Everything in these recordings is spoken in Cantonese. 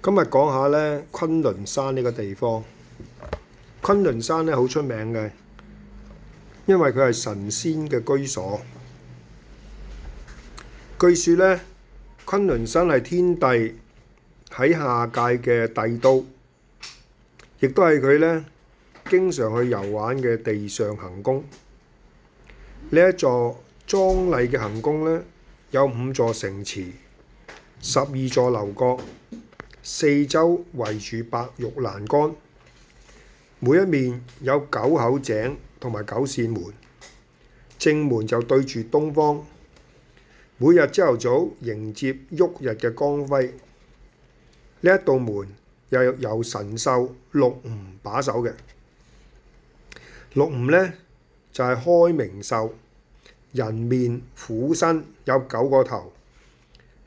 今日講下呢，崑崙山呢個地方。崑崙山呢好出名嘅，因為佢係神仙嘅居所。據說呢，崑崙山係天帝喺下界嘅帝都，亦都係佢呢經常去遊玩嘅地上行宮。呢一座莊麗嘅行宮呢，有五座城池，十二座樓閣。四周圍住白玉欄杆，每一面有九口井同埋九扇門，正門就對住東方，每日朝頭早迎接旭日嘅光輝。呢一道門又由神獸陸吾把守嘅。陸吾呢，就係、是、開明獸，人面虎身，有九個頭，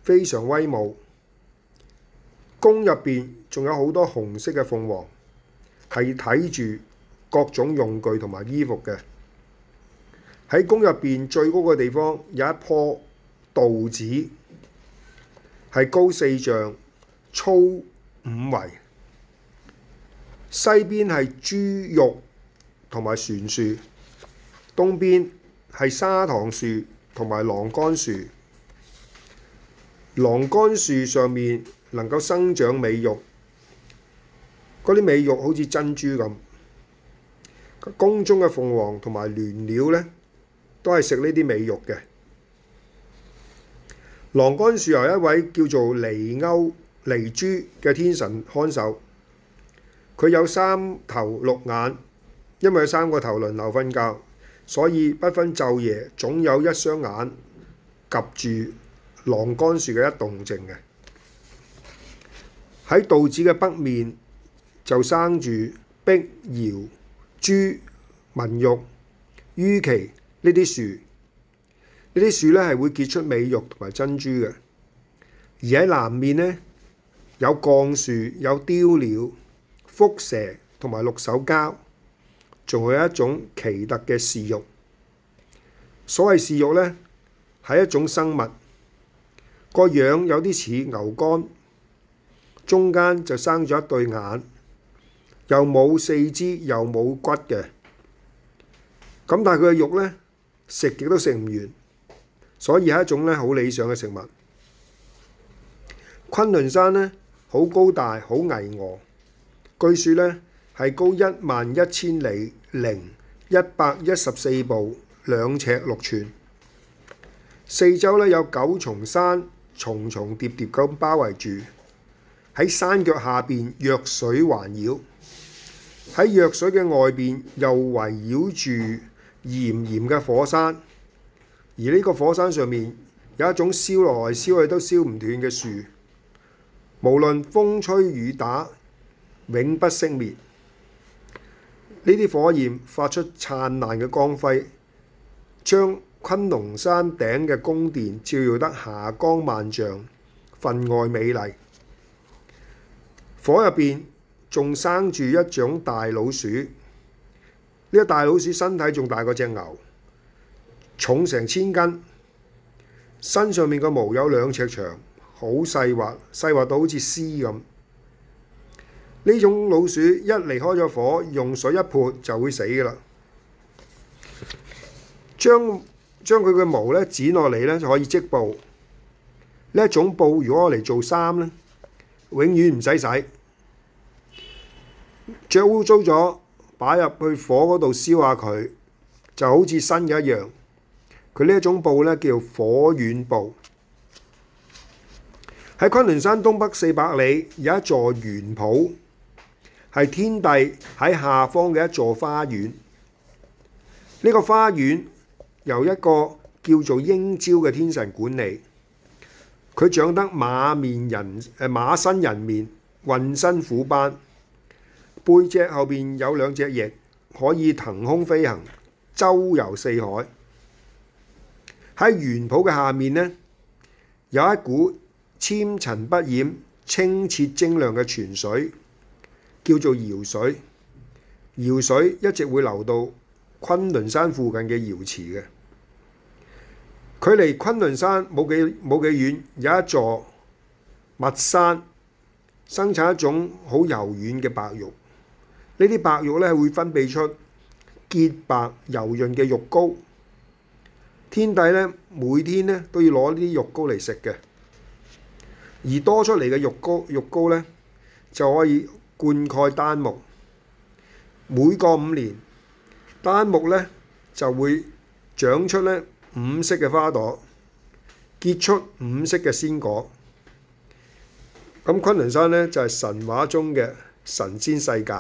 非常威武。宮入邊仲有好多紅色嘅鳳凰，係睇住各種用具同埋衣服嘅。喺宮入邊最高嘅地方有一棵稻子，係高四丈粗五圍。西邊係豬肉同埋船樹，東邊係沙棠樹同埋琅玕樹，琅玕樹上面，能夠生長美玉，嗰啲美玉好似珍珠咁。宮中嘅鳳凰同埋鸞鳥咧，都係食呢啲美玉嘅。琅玕樹有一位叫做尼歐尼珠嘅天神看守，佢有三頭六眼，因為有三個頭輪流瞓覺，所以不分晝夜，總有一雙眼及住琅玕樹嘅一動靜嘅。喺道子嘅北面就生住碧瑤、珠、文玉、於其呢啲樹，樹呢啲樹咧係會結出美玉同埋珍珠嘅。而喺南面咧有槓樹、有雕鳥、蝮蛇同埋六手膠，仲有一種奇特嘅視肉。所謂視肉咧係一種生物，個樣有啲似牛肝。中間就生咗一對眼，又冇四肢，又冇骨嘅。咁但係佢嘅肉呢，食極都食唔完，所以係一種呢好理想嘅食物。崑崙山呢，好高大，好巍峨。據說呢，係高一萬一千里零一百一十四步兩尺六寸，四周呢，有九重山，重重疊疊咁包圍住。喺山腳下邊，弱水環繞；喺弱水嘅外邊，又圍繞住炎炎嘅火山。而呢個火山上面有一種燒來燒去都燒唔斷嘅樹，無論風吹雨打，永不熄滅。呢啲火焰發出燦爛嘅光輝，將崑崙山頂嘅宮殿照耀得霞光萬丈，分外美麗。火入邊仲生住一種大老鼠，呢、呢個大老鼠身體仲大過隻牛，重成千斤，身上面個毛有兩尺長，好細滑，細滑到好似絲咁。呢種老鼠一離開咗火，用水一潑就會死㗎啦。將佢嘅毛剪落嚟呢，就可以織布。呢一種布如果攞嚟做衫呢，永遠唔使洗，着污糟咗，擺入去火嗰度燒下佢，就好似新嘅一樣。佢呢一種布咧，叫做火浣布。喺崑崙山東北四百里有一座園圃，係天帝喺下方嘅一座花園。呢、這個花園由一個叫做英招嘅天神管理。佢長得馬面人，誒馬身人面，渾身虎斑，背脊後邊有兩隻翼，可以騰空飛行，周遊四海。喺玄圃嘅下面呢，有一股纖塵不染、清澈晶亮嘅泉水，叫做瑤水。瑤水一直會流到崑崙山附近嘅瑤池嘅。距離崑崙山冇幾冇幾遠，有一座墨山，生產一種好柔軟嘅白玉。白肉呢啲白玉咧，會分泌出潔白柔潤嘅玉膏。天帝咧，每天咧都要攞呢啲玉膏嚟食嘅，而多出嚟嘅玉膏玉膏咧就可以灌溉丹木。每個五年，丹木咧就會長出咧。五色嘅花朵結出五色嘅鮮果，咁崑崙山咧就係、是、神話中嘅神仙世界。